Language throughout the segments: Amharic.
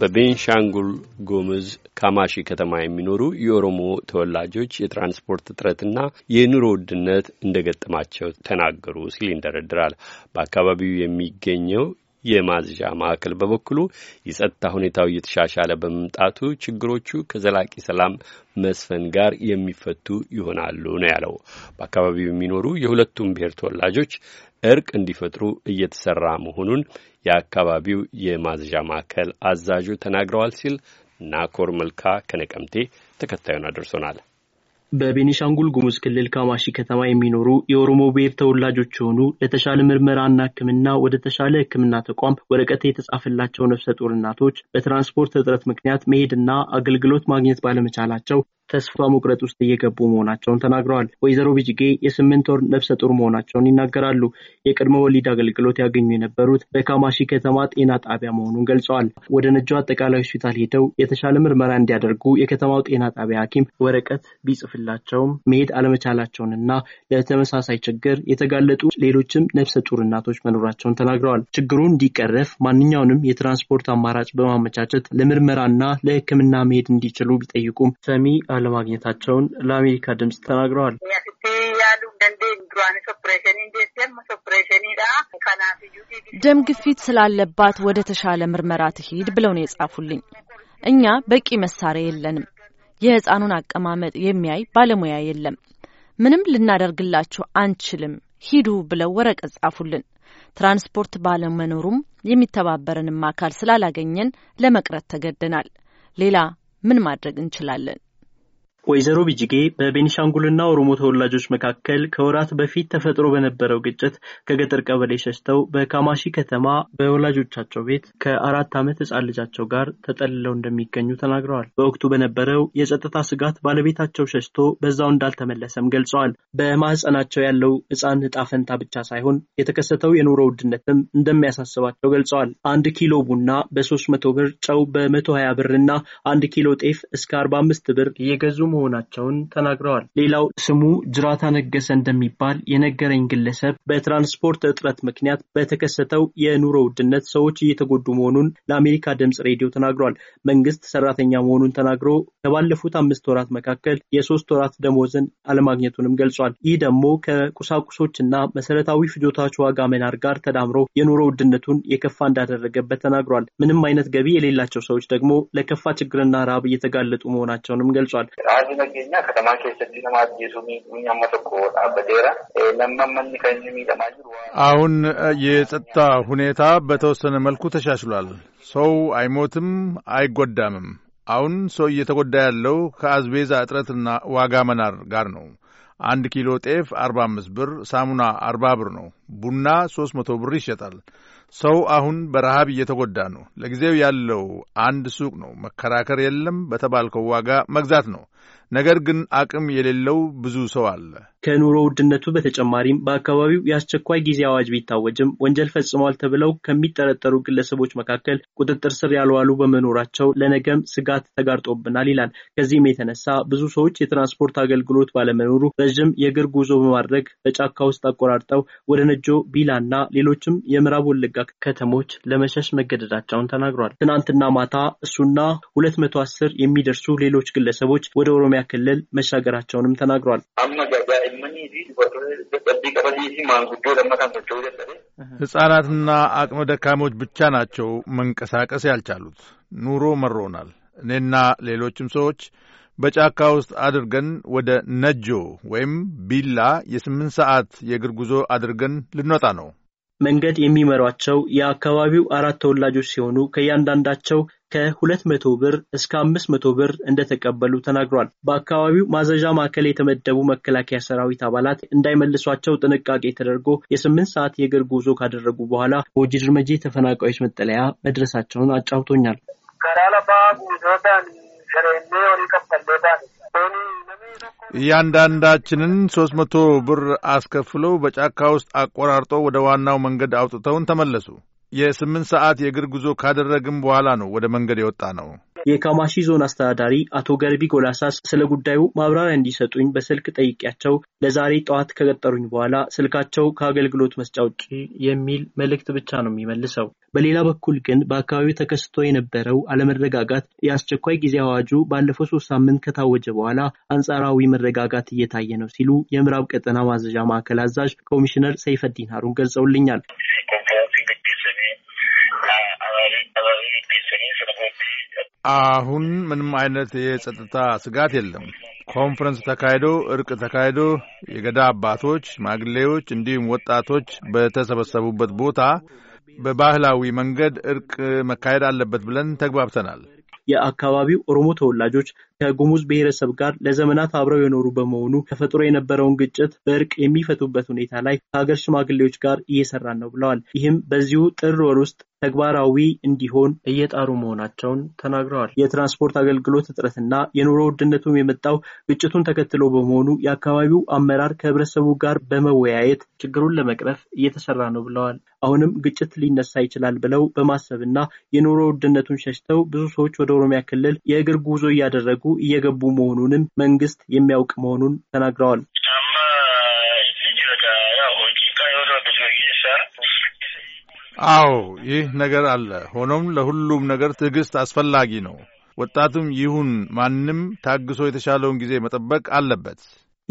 በቤንሻንጉል ጉሙዝ ካማሺ ከተማ የሚኖሩ የኦሮሞ ተወላጆች የትራንስፖርት እጥረትና የኑሮ ውድነት እንደገጠማቸው ተናገሩ ሲል ይንደረድራል። በአካባቢው የሚገኘው የማዝዣ ማዕከል በበኩሉ የጸጥታ ሁኔታው እየተሻሻለ በመምጣቱ ችግሮቹ ከዘላቂ ሰላም መስፈን ጋር የሚፈቱ ይሆናሉ ነው ያለው። በአካባቢው የሚኖሩ የሁለቱም ብሔር ተወላጆች እርቅ እንዲፈጥሩ እየተሰራ መሆኑን የአካባቢው የማዝዣ ማዕከል አዛዡ ተናግረዋል ሲል ናኮር መልካ ከነቀምቴ ተከታዩን አድርሶናል። በቤኒሻንጉል ጉሙዝ ክልል ካማሺ ከተማ የሚኖሩ የኦሮሞ ብሔር ተወላጆች የሆኑ ለተሻለ ምርመራና ሕክምና ወደ ተሻለ ሕክምና ተቋም ወረቀት የተጻፈላቸው ነፍሰ ጡር እናቶች በትራንስፖርት እጥረት ምክንያት መሄድና አገልግሎት ማግኘት ባለመቻላቸው ተስፋ መቁረጥ ውስጥ እየገቡ መሆናቸውን ተናግረዋል። ወይዘሮ ቢጅጌ የስምንት ወር ነፍሰ ጡር መሆናቸውን ይናገራሉ። የቅድመ ወሊድ አገልግሎት ያገኙ የነበሩት በካማሺ ከተማ ጤና ጣቢያ መሆኑን ገልጸዋል። ወደ ነጆ አጠቃላይ ሆስፒታል ሄደው የተሻለ ምርመራ እንዲያደርጉ የከተማው ጤና ጣቢያ ሐኪም ወረቀት ቢጽፍላቸውም መሄድ አለመቻላቸውንና ለተመሳሳይ ችግር የተጋለጡ ሌሎችም ነፍሰ ጡር እናቶች መኖራቸውን ተናግረዋል። ችግሩ እንዲቀረፍ ማንኛውንም የትራንስፖርት አማራጭ በማመቻቸት ለምርመራና ለሕክምና መሄድ እንዲችሉ ቢጠይቁም ሰሚ አለማግኘታቸውን ለአሜሪካ ድምጽ ተናግረዋል። ደም ግፊት ስላለባት ወደ ተሻለ ምርመራ ትሂድ ብለው ነው የጻፉልኝ። እኛ በቂ መሳሪያ የለንም። የህፃኑን አቀማመጥ የሚያይ ባለሙያ የለም። ምንም ልናደርግላችሁ አንችልም፣ ሂዱ ብለው ወረቀት ጻፉልን። ትራንስፖርት ባለመኖሩም የሚተባበረንም አካል ስላላገኘን ለመቅረት ተገደናል። ሌላ ምን ማድረግ እንችላለን? ወይዘሮ ቢጅጌ በቤኒሻንጉልና ኦሮሞ ተወላጆች መካከል ከወራት በፊት ተፈጥሮ በነበረው ግጭት ከገጠር ቀበሌ ሸሽተው በካማሺ ከተማ በወላጆቻቸው ቤት ከአራት ዓመት ህፃን ልጃቸው ጋር ተጠልለው እንደሚገኙ ተናግረዋል። በወቅቱ በነበረው የጸጥታ ስጋት ባለቤታቸው ሸሽቶ በዛው እንዳልተመለሰም ገልጸዋል። በማህፀናቸው ያለው ህፃን ዕጣ ፈንታ ብቻ ሳይሆን የተከሰተው የኑሮ ውድነትም እንደሚያሳስባቸው ገልጸዋል። አንድ ኪሎ ቡና በሶስት መቶ ብር፣ ጨው በመቶ ሀያ ብር እና አንድ ኪሎ ጤፍ እስከ አርባ አምስት ብር እየገዙ መሆናቸውን ተናግረዋል። ሌላው ስሙ ጅራታ ነገሰ እንደሚባል የነገረኝ ግለሰብ በትራንስፖርት እጥረት ምክንያት በተከሰተው የኑሮ ውድነት ሰዎች እየተጎዱ መሆኑን ለአሜሪካ ድምፅ ሬዲዮ ተናግሯል። መንግስት ሰራተኛ መሆኑን ተናግሮ ከባለፉት አምስት ወራት መካከል የሶስት ወራት ደሞዝን አለማግኘቱንም ገልጿል። ይህ ደግሞ ከቁሳቁሶችና መሰረታዊ ፍጆታዎች ዋጋ መናር ጋር ተዳምሮ የኑሮ ውድነቱን የከፋ እንዳደረገበት ተናግሯል። ምንም አይነት ገቢ የሌላቸው ሰዎች ደግሞ ለከፋ ችግርና ረሃብ እየተጋለጡ መሆናቸውንም ገልጿል። Haalli nageenyaa katamaa keessatti nama ajjeesu miidhamni amma tokko dhaabbateera. Lamman manni kan inni miidhamaa jiru. አሁን የጸጥታ ሁኔታ በተወሰነ መልኩ ተሻሽሏል። ሰው አይሞትም፣ አይጎዳምም። አሁን ሰው እየተጎዳ ያለው ከአዝቤዛ እጥረትና ዋጋ መናር ጋር ነው። አንድ ኪሎ ጤፍ አርባ አምስት ብር፣ ሳሙና አርባ ብር ነው። ቡና 300 ብር ይሸጣል። ሰው አሁን በረሃብ እየተጎዳ ነው። ለጊዜው ያለው አንድ ሱቅ ነው። መከራከር የለም፣ በተባልከው ዋጋ መግዛት ነው። ነገር ግን አቅም የሌለው ብዙ ሰው አለ። ከኑሮ ውድነቱ በተጨማሪም በአካባቢው የአስቸኳይ ጊዜ አዋጅ ቢታወጅም ወንጀል ፈጽመዋል ተብለው ከሚጠረጠሩ ግለሰቦች መካከል ቁጥጥር ስር ያልዋሉ በመኖራቸው ለነገም ስጋት ተጋርጦብናል ይላል። ከዚህም የተነሳ ብዙ ሰዎች የትራንስፖርት አገልግሎት ባለመኖሩ ረዥም የእግር ጉዞ በማድረግ በጫካ ውስጥ አቆራርጠው ወደ ቢላ ና ሌሎችም የምዕራብ ወለጋ ከተሞች ለመሸሽ መገደዳቸውን ተናግሯል። ትናንትና ማታ እሱና አስር የሚደርሱ ሌሎች ግለሰቦች ወደ ኦሮሚያ ክልል መሻገራቸውንም ተናግሯል። ህጻናትና አቅመ ደካሞች ብቻ ናቸው መንቀሳቀስ ያልቻሉት። ኑሮ መሮናል። እኔና ሌሎችም ሰዎች በጫካ ውስጥ አድርገን ወደ ነጆ ወይም ቢላ የስምንት ሰዓት የእግር ጉዞ አድርገን ልንወጣ ነው። መንገድ የሚመሯቸው የአካባቢው አራት ተወላጆች ሲሆኑ ከእያንዳንዳቸው ከሁለት መቶ ብር እስከ አምስት መቶ ብር እንደተቀበሉ ተናግሯል። በአካባቢው ማዘዣ ማዕከል የተመደቡ መከላከያ ሰራዊት አባላት እንዳይመልሷቸው ጥንቃቄ ተደርጎ የስምንት ሰዓት የእግር ጉዞ ካደረጉ በኋላ በወጂ ድርመጄ ተፈናቃዮች መጠለያ መድረሳቸውን አጫውቶኛል። እያንዳንዳችንን ሶስት መቶ ብር አስከፍለው በጫካ ውስጥ አቆራርጦ ወደ ዋናው መንገድ አውጥተውን ተመለሱ። የስምንት ሰዓት የእግር ጉዞ ካደረግም በኋላ ነው ወደ መንገድ የወጣ ነው። የካማሺ ዞን አስተዳዳሪ አቶ ገርቢ ጎላሳስ ስለ ጉዳዩ ማብራሪያ እንዲሰጡኝ በስልክ ጠይቄያቸው ለዛሬ ጠዋት ከቀጠሩኝ በኋላ ስልካቸው ከአገልግሎት መስጫ ውጪ የሚል መልእክት ብቻ ነው የሚመልሰው። በሌላ በኩል ግን በአካባቢው ተከስቶ የነበረው አለመረጋጋት የአስቸኳይ ጊዜ አዋጁ ባለፈው ሶስት ሳምንት ከታወጀ በኋላ አንጻራዊ መረጋጋት እየታየ ነው ሲሉ የምዕራብ ቀጠና ማዘዣ ማዕከል አዛዥ ኮሚሽነር ሰይፈዲን ሀሩን ገልጸውልኛል። አሁን ምንም አይነት የጸጥታ ስጋት የለም። ኮንፈረንስ ተካሂዶ እርቅ ተካሂዶ የገዳ አባቶች፣ ሽማግሌዎች እንዲሁም ወጣቶች በተሰበሰቡበት ቦታ በባህላዊ መንገድ እርቅ መካሄድ አለበት ብለን ተግባብተናል። የአካባቢው ኦሮሞ ተወላጆች ከጉሙዝ ብሔረሰብ ጋር ለዘመናት አብረው የኖሩ በመሆኑ ተፈጥሮ የነበረውን ግጭት በእርቅ የሚፈቱበት ሁኔታ ላይ ከሀገር ሽማግሌዎች ጋር እየሰራን ነው ብለዋል። ይህም በዚሁ ጥር ወር ውስጥ ተግባራዊ እንዲሆን እየጣሩ መሆናቸውን ተናግረዋል። የትራንስፖርት አገልግሎት እጥረትና የኑሮ ውድነቱም የመጣው ግጭቱን ተከትሎ በመሆኑ የአካባቢው አመራር ከህብረተሰቡ ጋር በመወያየት ችግሩን ለመቅረፍ እየተሰራ ነው ብለዋል። አሁንም ግጭት ሊነሳ ይችላል ብለው በማሰብና የኑሮ ውድነቱን ሸሽተው ብዙ ሰዎች ወደ ኦሮሚያ ክልል የእግር ጉዞ እያደረጉ እየገቡ መሆኑንም መንግስት የሚያውቅ መሆኑን ተናግረዋል። አዎ ይህ ነገር አለ። ሆኖም ለሁሉም ነገር ትዕግስት አስፈላጊ ነው። ወጣቱም ይሁን ማንም ታግሶ የተሻለውን ጊዜ መጠበቅ አለበት።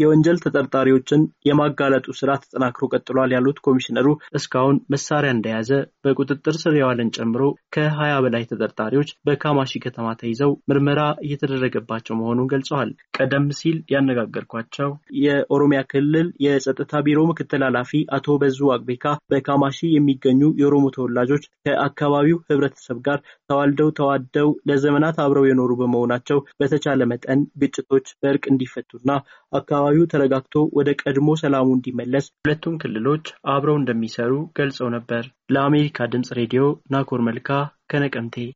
የወንጀል ተጠርጣሪዎችን የማጋለጡ ስራ ተጠናክሮ ቀጥሏል ያሉት ኮሚሽነሩ እስካሁን መሳሪያ እንደያዘ በቁጥጥር ስር የዋለን ጨምሮ ከሀያ በላይ ተጠርጣሪዎች በካማሺ ከተማ ተይዘው ምርመራ እየተደረገባቸው መሆኑን ገልጸዋል። ቀደም ሲል ያነጋገርኳቸው የኦሮሚያ ክልል የጸጥታ ቢሮ ምክትል ኃላፊ አቶ በዙ አቅቤካ በካማሺ የሚገኙ የኦሮሞ ተወላጆች ከአካባቢው ህብረተሰብ ጋር ተዋልደው ተዋደው ለዘመናት አብረው የኖሩ በመሆናቸው በተቻለ መጠን ግጭቶች በእርቅ እንዲፈቱና አካባቢ አካባቢው ተረጋግቶ ወደ ቀድሞ ሰላሙ እንዲመለስ ሁለቱም ክልሎች አብረው እንደሚሰሩ ገልጸው ነበር። ለአሜሪካ ድምፅ ሬዲዮ ናኮር መልካ ከነቀምቴ